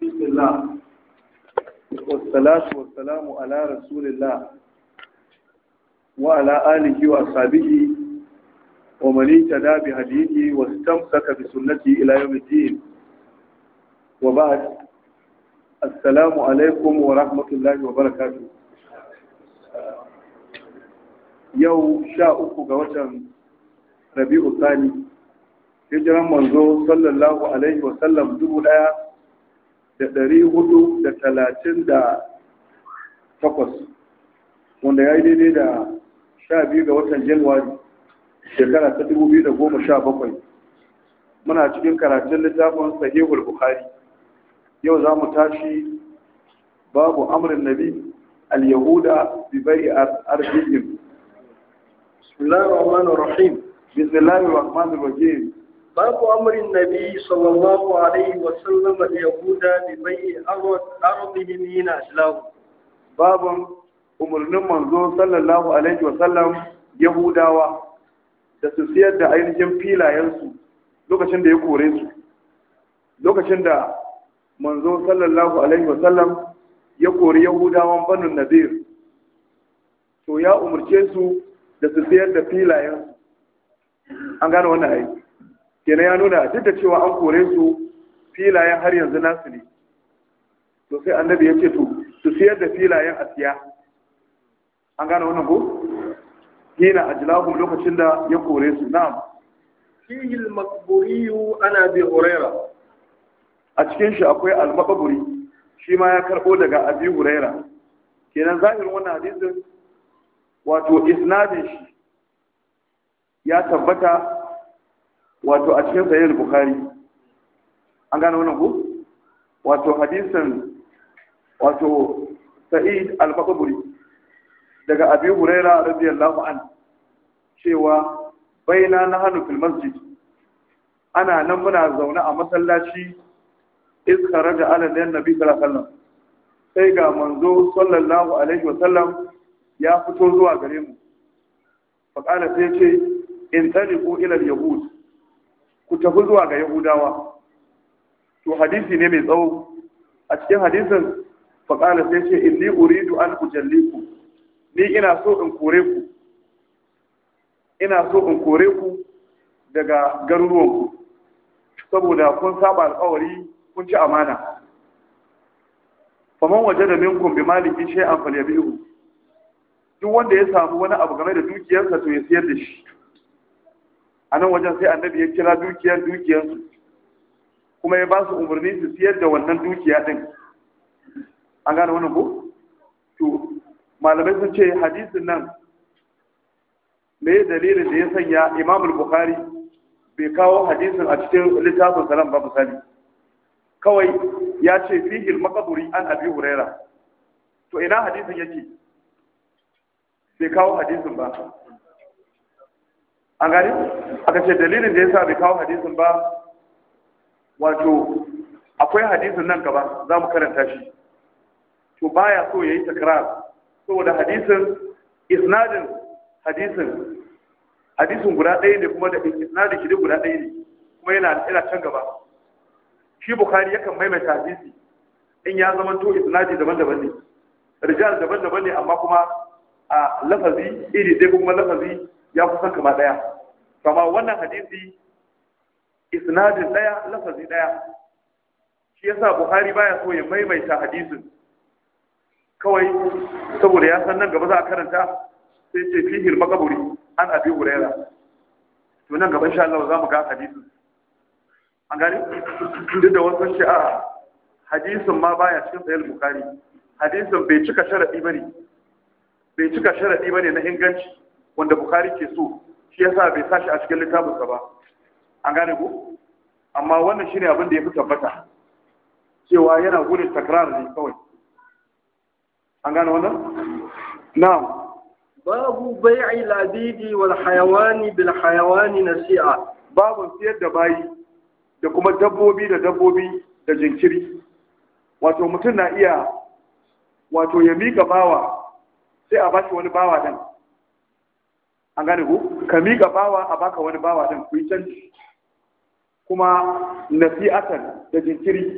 بسم الله والصلاة والسلام على رسول الله وعلى آله وأصحابه ومن اهتدى بهديه واستمسك بسنته إلى يوم الدين وبعد السلام عليكم ورحمة الله وبركاته yau sha uku ga watan rabi'u tsani hijiran manzo sallallahu alaihi wasallam dubu daya da ɗari hudu da talatin da takwas wanda ya yi daidai da sha biyu ga watan januwari shekara ta dubu biyu da goma sha bakwai muna cikin karatun littafin sahihul bukhari yau za mu tashi babu amrin nabi al-yahuda bi bai arzihim bismillahir rahmanir rahim bismillahir rahmanir rahim باب أمر النبي صلى الله عليه وسلم اليهود ببيع أرضهم حين أسلموا باب أمر منزو صلى الله عليه وسلم يهوداوا da su siyar da ainihin filayensu lokacin da ya kore su lokacin da manzo sallallahu alaihi sallam ya kori yahudawan banu nazir to ya umarce su da su siyar da filayensu an gane wannan aiki kenan ya nuna duk da cewa an kore su filayen har yanzu nasu ne to sai annabi ya ce to su siyar da filayen a siya an gane wannan ko hina ajlahum lokacin da ya kore su na'am fihi al-maqburi ana bi huraira a cikin shi akwai al-maqburi shi ma ya karbo daga abi huraira kenan zahirin wannan hadisin wato isnadin shi ya tabbata wato a cikin sahih bukhari an gane wannan ku wato hadisin wato sa'id al-maqburi daga abi huraira radiyallahu an cewa baina nahnu fil masjid ana nan muna zaune a masallaci iskara kharaja ala da nabi sallallahu alaihi wasallam sai ga manzo sallallahu alaihi wasallam ya fito zuwa gare mu fa kana sai ce in taliqu ila al-yahud ku tafi zuwa ga yahudawa to hadisi ne mai tsawo a cikin hadisin faƙala sai ce inni uridu an ujalliku ni ina so in kore ku ina so in kore ku daga garuruwanku saboda kun saba alƙawari kun ci amana faman waje da minkum bi maliki shay'an falyabihu duk wanda ya samu wani abu game da dukiyarsa to ya siyar da shi a nan wajen sai annabi ya kira dukiyar dukiyarsu kuma ya ba su umarni su siyar da wannan dukiya din an gane wannan ko to malamai sun ce hadisin nan me dalilin da ya sanya imam bukhari bai kawo hadisin a cikin littafin salam ba misali kawai ya ce fihil makaburi an abi huraira to ina hadisin yake bai kawo hadisin ba an gani aka ce dalilin da ya sa bai kawo hadisin ba wato akwai hadisin nan gaba za mu karanta shi to baya so ya yi takrar saboda hadisin isnadin hadisin hadisin guda ɗaya ne kuma da isnadin shi guda ɗaya ne kuma yana yana can gaba shi bukhari yakan maimaita hadisi in ya zama to isnadi daban-daban ne rijal daban-daban ne amma kuma a lafazi iri ɗaya kuma lafazi ya kusan kama ɗaya kama wannan hadisi isnadin ɗaya lafazi ɗaya shi yasa buhari baya so ya maimaita hadisin kawai saboda ya san nan gaba za a karanta sai ce fihir makaburi an abi hurera to nan gaba insha Allah za mu ga hadisin an gani duk da wasu shi a hadisin ma baya cikin sahih bukhari hadisin bai cika sharadi bane bai cika sharadi bane na inganci wanda bukari ke so shi yasa bai sashi a cikin littafinsa ba an gane ku amma wannan shine abin da ya fi tabbata cewa yana gudun takrar ne kawai an gane wannan na'am babu bai'i ladidi wal hayawani bil hayawani nasi'a babu siyar da bayi da kuma dabbobi da dabbobi da jinkiri wato mutum na iya wato ya mika bawa sai a bashi wani bawa dan an gane ku ka miƙa bawa a baka wani bawa ɗin ku yi canji kuma nasi'atar da jinkiri